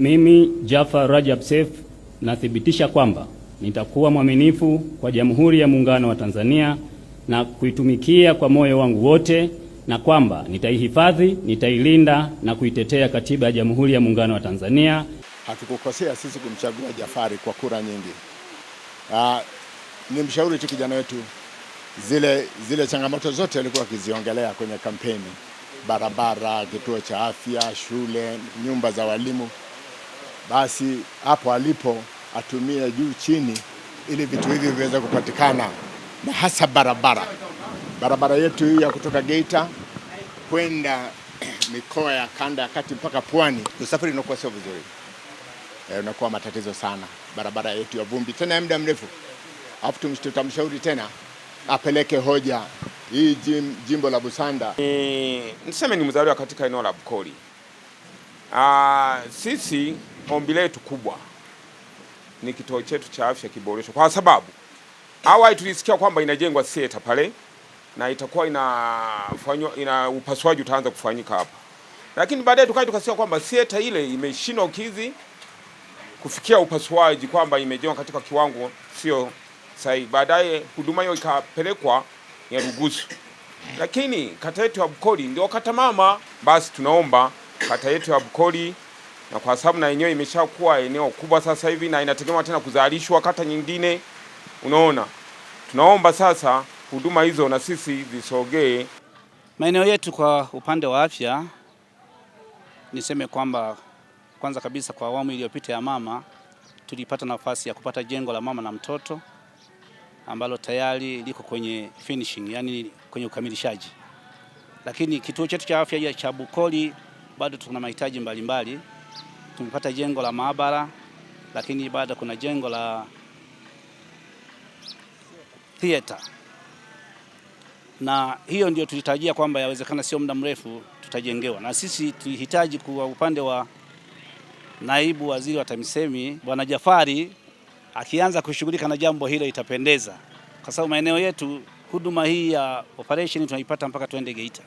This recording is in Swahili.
Mimi Jafar Rajab Seif nathibitisha kwamba nitakuwa mwaminifu kwa Jamhuri ya Muungano wa Tanzania na kuitumikia kwa moyo wangu wote na kwamba nitaihifadhi, nitailinda na kuitetea Katiba ya Jamhuri ya Muungano wa Tanzania. Hatukukosea sisi kumchagua Jafari kwa kura nyingi. Aa, ah, ni mshauri tu kijana wetu, zile, zile changamoto zote alikuwa akiziongelea kwenye kampeni: barabara, kituo cha afya, shule, nyumba za walimu basi hapo alipo atumie juu chini, ili vitu hivi viweze kupatikana, na hasa barabara. Barabara yetu hii ya kutoka Geita kwenda mikoa ya kanda ya kati mpaka pwani, usafiri unakuwa sio vizuri, eh, unakuwa matatizo sana, barabara yetu ya vumbi, tena ya muda mrefu. Afu tutamshauri tena apeleke hoja hii jimbo la Busanda. Ni niseme ni mzaliwa katika eneo la Bukoli. Aa, ah, sisi ombi letu kubwa ni kituo chetu cha afya kiboreshwe, kwa sababu awali tulisikia kwamba inajengwa theater pale na itakuwa inafanywa ina upasuaji utaanza kufanyika hapa, lakini baadaye tukaja tukasikia kwamba theater ile imeshindwa ukizi kufikia upasuaji, kwamba imejengwa katika kiwango sio sahihi. Baadaye huduma hiyo ikapelekwa Nyarugusu, lakini kata yetu ya Bukoli ndio kata mama. Basi tunaomba kata yetu ya Bukoli, na kwa sababu na yenyewe imeshakuwa eneo kubwa sasa hivi na inategemea tena kuzalishwa kata nyingine, unaona, tunaomba sasa huduma hizo na sisi zisogee maeneo yetu. Kwa upande wa afya, niseme kwamba kwanza kabisa kwa awamu iliyopita ya mama tulipata nafasi ya kupata jengo la mama na mtoto ambalo tayari liko kwenye finishing, yani kwenye ukamilishaji, lakini kituo chetu cha afya cha Bukoli bado tuna mahitaji mbalimbali. Tumepata jengo la maabara, lakini bado kuna jengo la theater, na hiyo ndio tulitarajia kwamba yawezekana sio muda mrefu tutajengewa, na sisi tulihitaji kwa upande wa naibu waziri wa TAMISEMI Bwana Jafari akianza kushughulika na jambo hilo itapendeza, kwa sababu maeneo yetu huduma hii ya operation tunaipata mpaka tuende Geita.